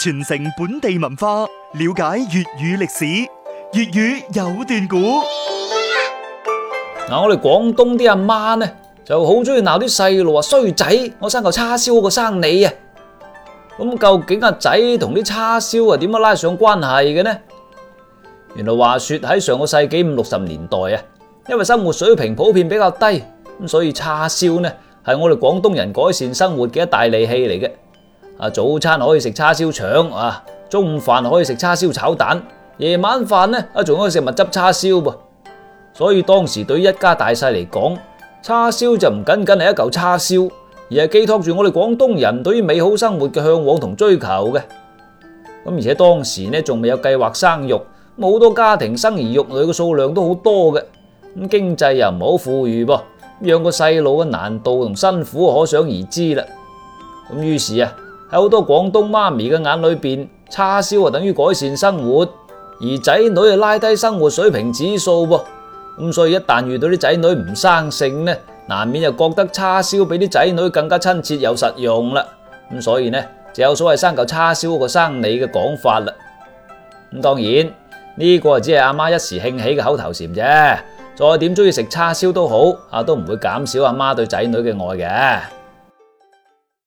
傳承本地文化，了解粵語歷史，粵語有段古。嗱，我哋廣東啲阿媽呢，就好中意鬧啲細路啊，衰仔，我生嚿叉燒好過生你啊！咁究竟阿仔同啲叉燒啊，點樣拉上關係嘅呢？原來話說喺上個世紀五六十年代啊，因為生活水平普遍比較低，咁所以叉燒呢，係我哋廣東人改善生活嘅一大利器嚟嘅。啊！早餐可以食叉燒腸啊，中午飯可以食叉燒炒蛋，夜晚飯呢啊，仲可以食蜜汁叉燒噃。所以當時對一家大細嚟講，叉燒就唔僅僅係一嚿叉燒，而係寄託住我哋廣東人對於美好生活嘅向往同追求嘅。咁而且當時呢，仲未有計劃生育，好多家庭生兒育女嘅數量都好多嘅。咁經濟又唔好富裕噃，養個細路嘅難度同辛苦可想而知啦。咁於是啊～喺好多廣東媽咪嘅眼裏邊，叉燒啊等於改善生活，而仔女啊拉低生活水平指數噃。咁所以一旦遇到啲仔女唔生性呢，難免又覺得叉燒比啲仔女更加親切又實用啦。咁所以呢，就有所謂生嚿叉燒過生你嘅講法啦。咁當然呢個只係阿媽一時興起嘅口頭禪啫。再點鍾意食叉燒都好，啊都唔會減少阿媽對仔女嘅愛嘅。